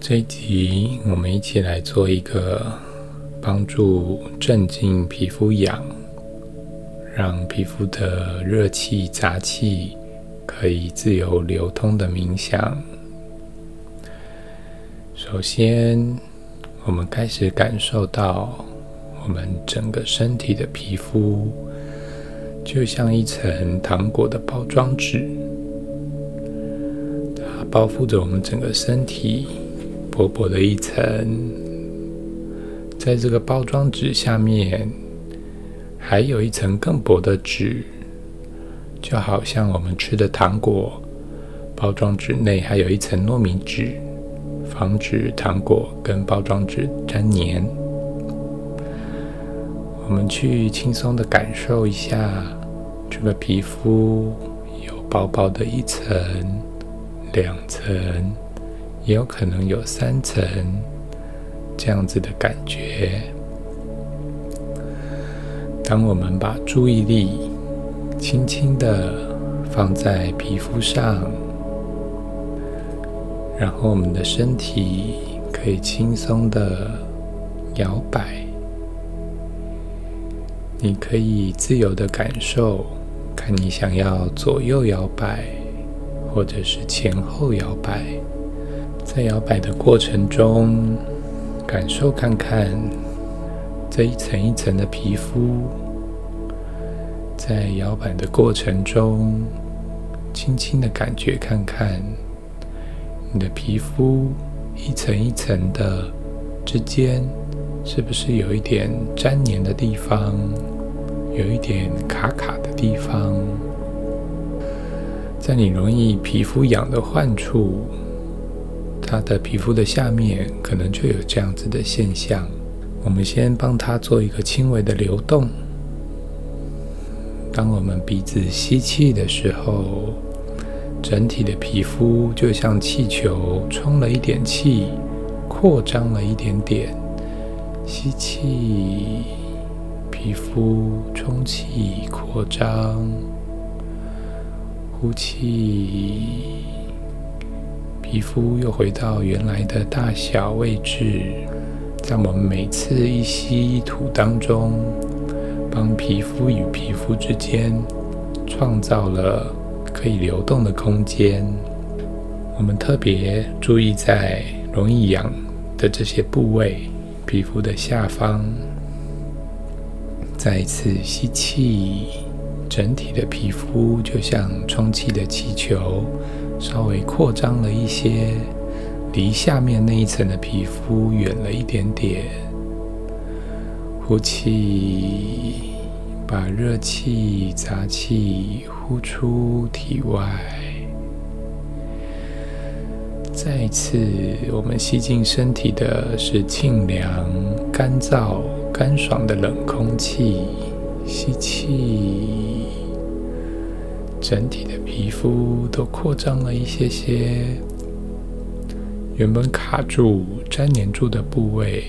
這一集，我們一起來做一個幫助鎮靜皮膚癢、讓皮膚的熱氣、雜氣可以自由流通的冥想。首先，我們開始感受到我們整個身體的皮膚，就像一層糖果的包裝紙，它包覆着我們整個身體。薄薄的一層，在這個包裝紙下面，還有一層更薄的紙，就好像我們吃的糖果，包裝紙內還有一層糯米紙，防止糖果跟包裝紙粘黏。我們去輕鬆地感受一下，這個皮膚有薄薄的一層、兩層。也有可能有三層這樣子的感覺。當我們把注意力輕輕的放在皮膚上，然後我們的身體可以輕鬆的搖擺，你可以自由的感受，看你想要左右搖擺，或者是前後搖擺。在搖擺的過程中，感受看看，這一層一層的皮膚，在搖擺的過程中，輕輕的感覺看看，你的皮膚一層一層的之間，是不是有一點粘黏的地方，有一點卡卡的地方，在你容易皮膚癢的患處。它的皮膚的下面可能就有這樣子的現象。我們先幫它做一個輕微的流動。當我們鼻子吸氣的時候，整體的皮膚就像氣球充了一點氣，擴張了一點點。吸氣，皮膚充氣擴張，呼氣。皮膚又回到原來的大小位置，在我們每次一吸一吐當中，幫皮膚與皮膚之間創造了可以流動的空間。我們特別注意在容易癢的這些部位，皮膚的下方。再一次吸氣，整體的皮膚就像充氣的氣球。稍微擴張了一些，離下面那一層的皮膚遠了一點點。呼氣，把熱氣、雜氣呼出體外。再一次，我們吸進身體的是沁涼、乾燥、乾爽的冷空氣。吸氣。整體的皮膚都擴張了一些些，原本卡住、粘黏住的部位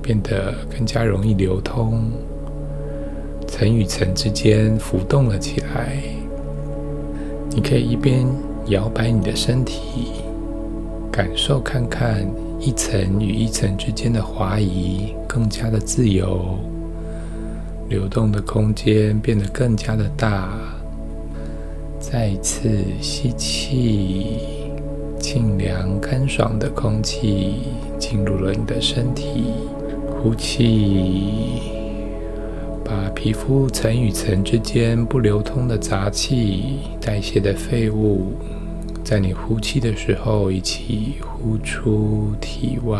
變得更加容易流通，層與層之間浮動了起來。你可以一邊搖擺你的身體，感受看看一層與一層之間的滑移，更加的自由，流動的空間變得更加的大。再一次吸氣，清涼乾爽的空氣進入了你的身體。呼氣，把皮膚層與層之間不流通的雜氣、代謝的廢物，在你呼氣的時候一起呼出體外。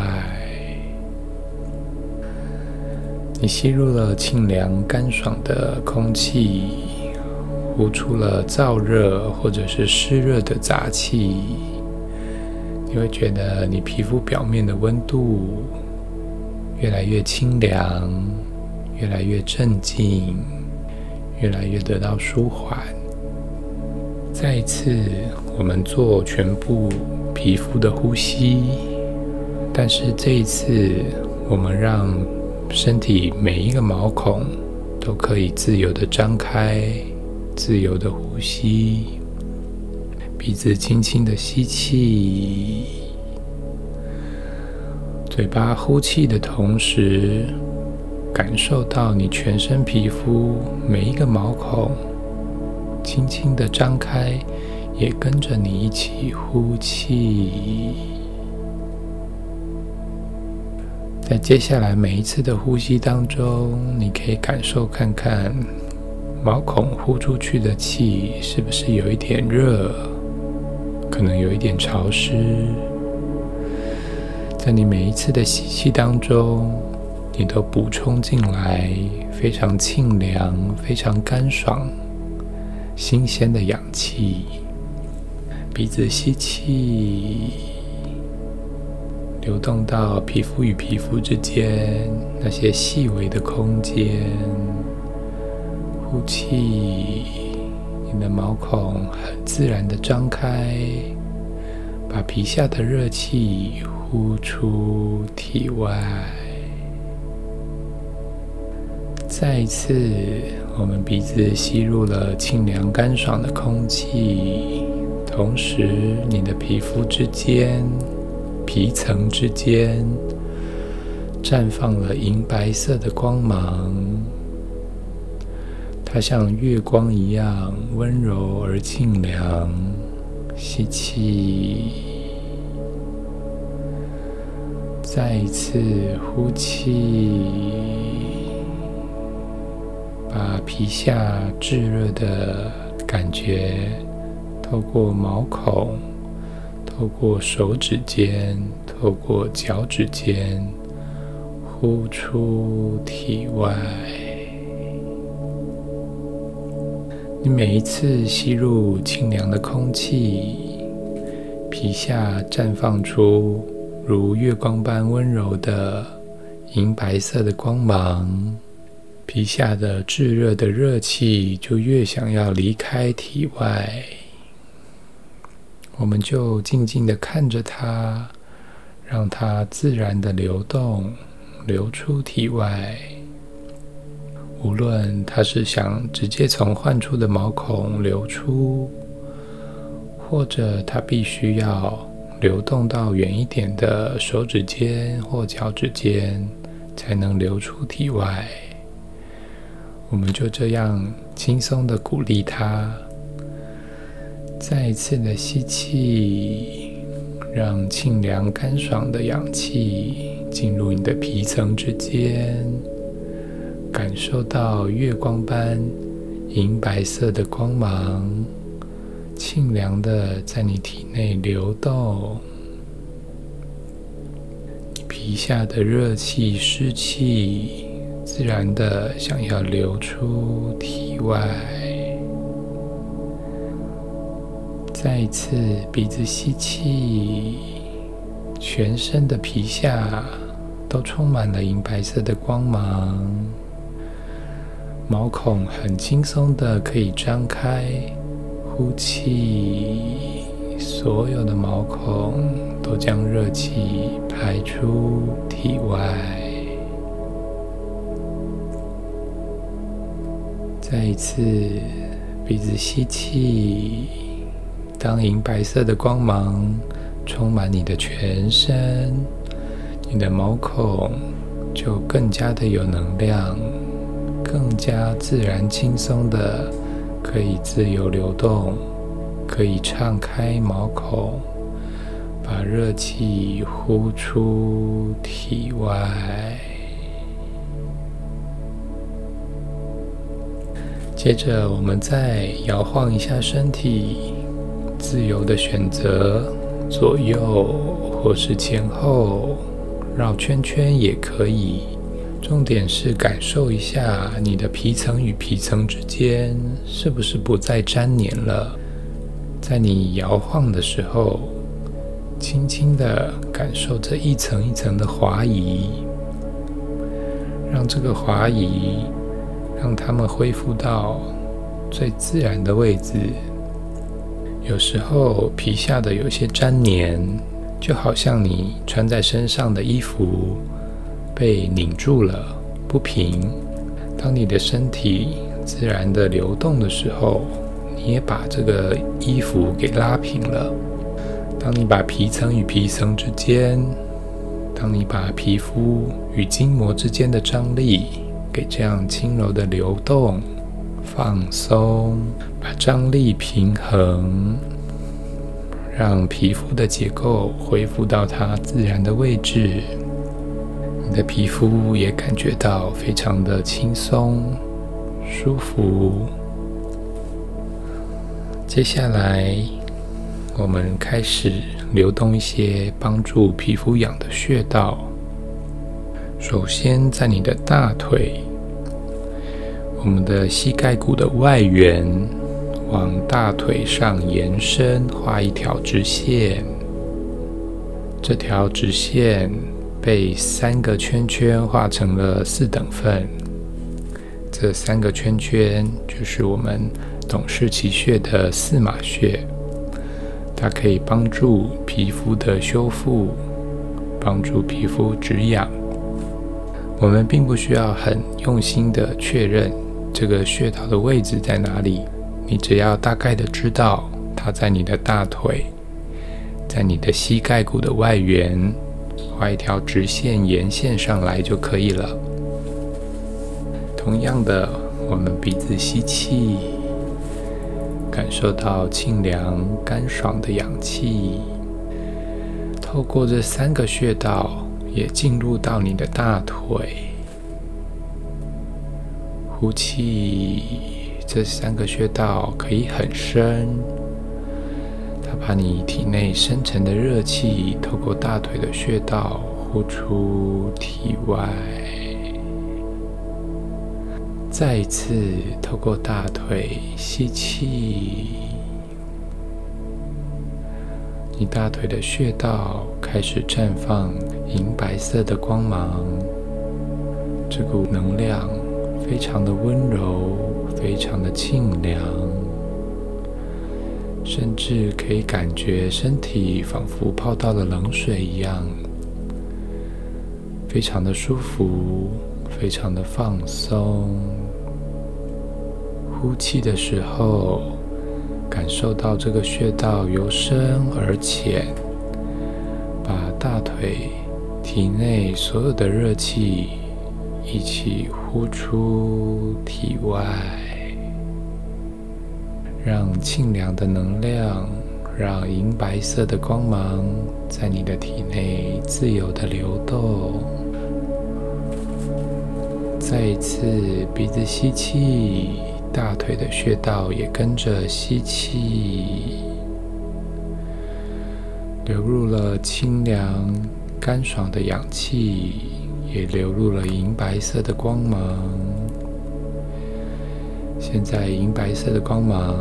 你吸入了清涼乾爽的空氣。呼出了燥熱或者是濕熱的雜氣，你會覺得你皮膚表面的溫度越來越清涼，越來越鎮靜，越來越得到舒緩。再一次，我們做全部皮膚的呼吸，但是這一次，我們讓身體每一個毛孔都可以自由的張開。自由的呼吸，鼻子輕輕的吸氣，嘴巴呼氣的同時，感受到你全身皮膚每一個毛孔輕輕的張開，也跟着你一起呼氣。在接下來每一次的呼吸當中，你可以感受看看。毛孔呼出去的氣是不是有一點熱？可能有一點潮濕。在你每一次的吸氣當中，你都補充進來非常清涼、非常乾爽、新鮮的氧氣。鼻子吸氣，流動到皮膚與皮膚之間那些細微的空間。呼氣，你的毛孔很自然地張開，把皮下的熱氣呼出體外。再一次，我們鼻子吸入了清涼乾爽的空氣，同時你的皮膚之間、皮層之間綻放了銀白色的光芒。它像月光一樣溫柔而清涼。吸氣，再一次呼氣，把皮下炙熱的感覺透過毛孔，透過手指尖，透過腳趾尖，呼出體外。你每一次吸入清涼的空氣，皮下綻放出如月光般溫柔的銀白色的光芒，皮下的炙熱的熱氣就越想要離開體外。我們就靜靜地看着它，讓它自然的流動，流出體外。無論它是想直接從患處的毛孔流出，或者它必須要流動到遠一點的手指尖或腳趾尖才能流出體外，我們就這樣輕鬆地鼓勵它。再一次的吸氣，讓清涼乾爽的氧氣進入你的皮層之間。感受到月光般銀白色的光芒，沁涼的在你體內流動，你皮下的熱氣濕氣自然的想要流出體外。再一次鼻子吸氣，全身的皮下都充滿了銀白色的光芒。毛孔很輕鬆的可以張開，呼氣，所有的毛孔都將熱氣排出體外。再一次，鼻子吸氣，當銀白色的光芒充滿你的全身，你的毛孔就更加的有能量。更加自然、輕鬆的，可以自由流動，可以暢開毛孔，把熱氣呼出體外。接着，我們再搖晃一下身體，自由的選擇左右或是前後，繞圈圈也可以。重點是感受一下你的皮層與皮層之間是不是不再粘黏了。在你搖晃的時候，輕輕地感受這一層一層的滑移，讓這個滑移讓它們恢復到最自然的位置。有時候皮下的有些粘黏，就好像你穿在身上的衣服。被擰住了，不平。當你的身體自然的流動的時候，你也把這個衣服給拉平了。當你把皮層與皮層之間，當你把皮膚與筋膜之間的張力給這樣輕柔的流動、放鬆，把張力平衡，讓皮膚的結構恢復到它自然的位置。你的皮膚也感覺到非常的輕鬆、舒服。接下來，我們開始流動一些幫助皮膚癢的穴道。首先，在你的大腿，我們的膝蓋骨的外緣，往大腿上延伸畫一條直線。這條直線。被三個圈圈畫成了四等份，這三個圈圈就是我們董氏奇穴的駟馬穴，它可以幫助皮膚的修復，幫助皮膚止癢。我們並不需要很用心的確認這個穴道的位置在哪裡，你只要大概的知道它在你的大腿，在你的膝蓋骨的外緣。畫一條直線，沿線上來就可以了。同樣的，我們鼻子吸氣，感受到清涼乾爽的氧氣，透過這三個穴道也進入到你的大腿。呼氣，這三個穴道可以很深。把你體內深沉的熱氣透過大腿的穴道呼出體外，再一次透過大腿吸氣，你大腿的穴道開始綻放銀白色的光芒，這股能量非常的溫柔，非常的沁涼。甚至可以感覺身體仿佛泡到了冷水一樣，非常的舒服，非常的放鬆。呼氣的時候，感受到這個穴道由深而淺，把大腿體內所有的熱氣一起呼出體外。讓清涼的能量，讓銀白色的光芒在你的體內自由地流動。再一次，鼻子吸氣，大腿的穴道也跟着吸氣，流入了清涼乾爽的氧氣，也流入了銀白色的光芒。現在銀白色的光芒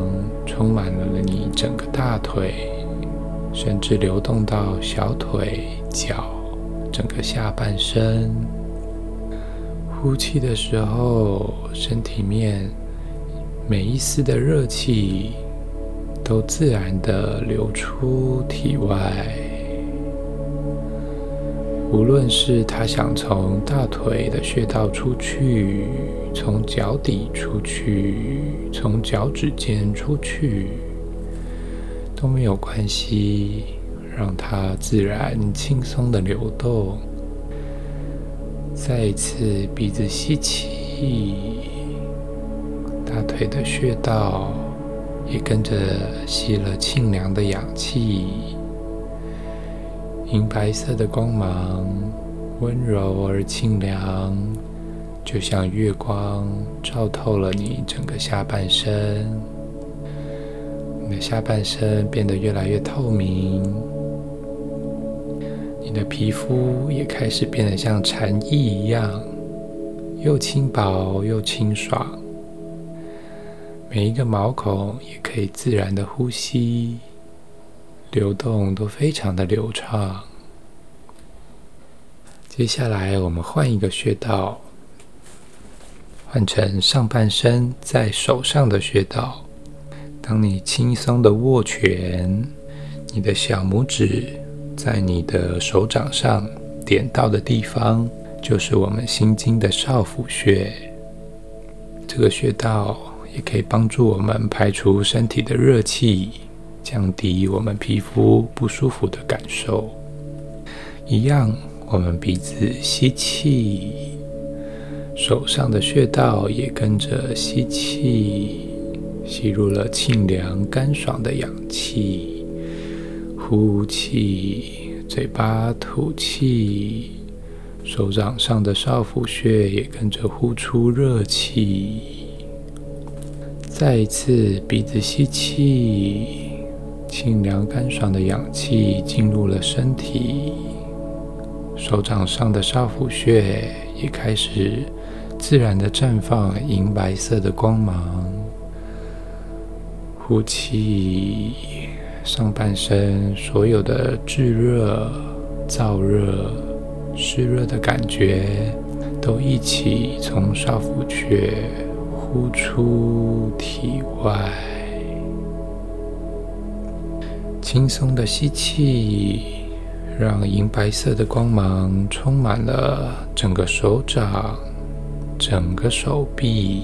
充滿了你整個大腿，甚至流動到小腿、腳、整個下半身。呼氣的時候，身體面每一絲的熱氣都自然地流出體外。無論是他想從大腿的穴道出去，從腳底出去，從腳趾尖出去，都沒有關係，讓它自然輕鬆的流動。再一次鼻子吸氣，大腿的穴道也跟着吸了清涼的氧氣。銀白色的光芒，溫柔而清涼，就像月光照透了你整個下半身。你的下半身變得越來越透明，你的皮膚也開始變得像蟬翼一樣，又輕薄又清爽，每一個毛孔也可以自然的呼吸。流動都非常的流暢。接下來，我們換一個穴道，換成上半身在手上的穴道。當你輕鬆的握拳，你的小拇指在你的手掌上點到的地方，就是我們心經的少府穴。這個穴道也可以幫助我們排除身體的熱氣。降低我們皮膚不舒服的感受。一樣，我們鼻子吸氣，手上的穴道也跟着吸氣，吸入了清涼乾爽的氧氣。呼氣，嘴巴吐氣，手掌上的少府穴也跟着呼出熱氣。再一次，鼻子吸氣。清涼乾爽的氧氣進入了身體，手掌上的少府穴也開始自然地綻放銀白色的光芒。呼氣，上半身所有的炙熱、燥熱、濕熱的感覺，都一起從少府穴呼出體外。輕鬆的吸氣，讓銀白色的光芒充滿了整個手掌、整個手臂，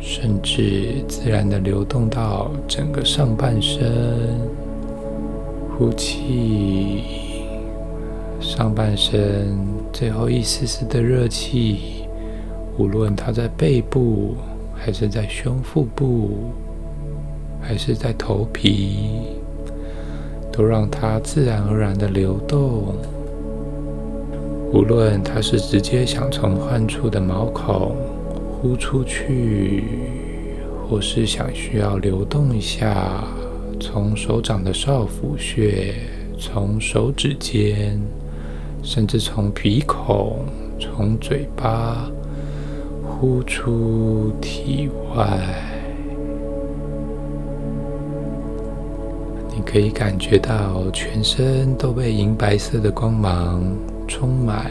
甚至自然地流動到整個上半身。呼氣，上半身最後一絲絲的熱氣，無論它在背部，還是在胸腹部，還是在頭皮。都讓它自然而然的流動，無論它是直接想從患處的毛孔呼出去，或是想需要流動一下，從手掌的少府穴，從手指尖，甚至從鼻孔、從嘴巴呼出體外。你可以感覺到全身都被銀白色的光芒充滿，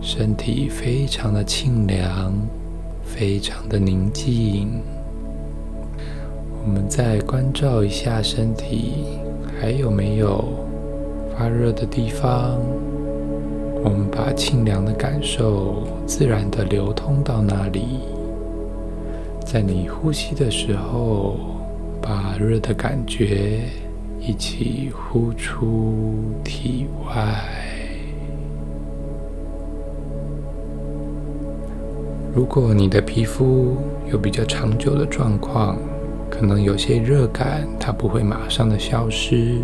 身體非常的清涼，非常的寧靜。我們再關照一下身體，還有沒有發熱的地方？我們把清涼的感受自然的流通到那裡，在你呼吸的時候，把熱的感覺，一起呼出體外。如果你的皮膚有比較長久的狀況，可能有些熱感，它不會馬上的消失，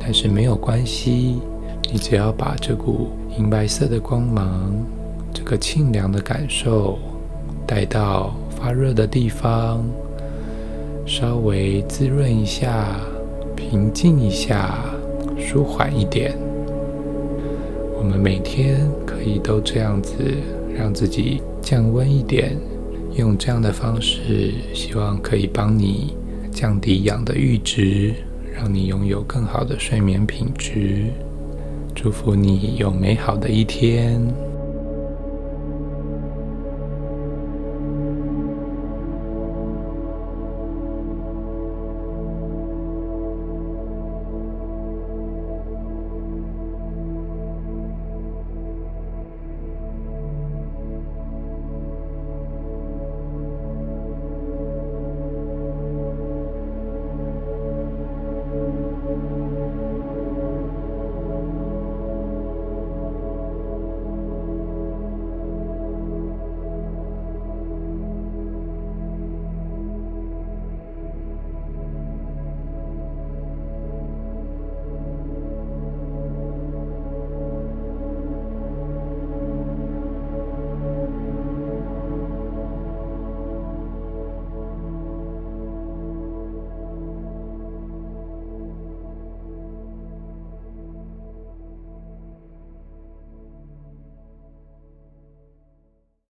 但是沒有關係，你只要把這股銀白色的光芒，這個清涼的感受帶到發熱的地方，稍微滋潤一下。平靜一下，舒緩一點。我們每天可以都這樣子，讓自己降溫一點，用這樣的方式，希望可以幫你降低癢的閾值，讓你擁有更好的睡眠品質。祝福你有美好的一天。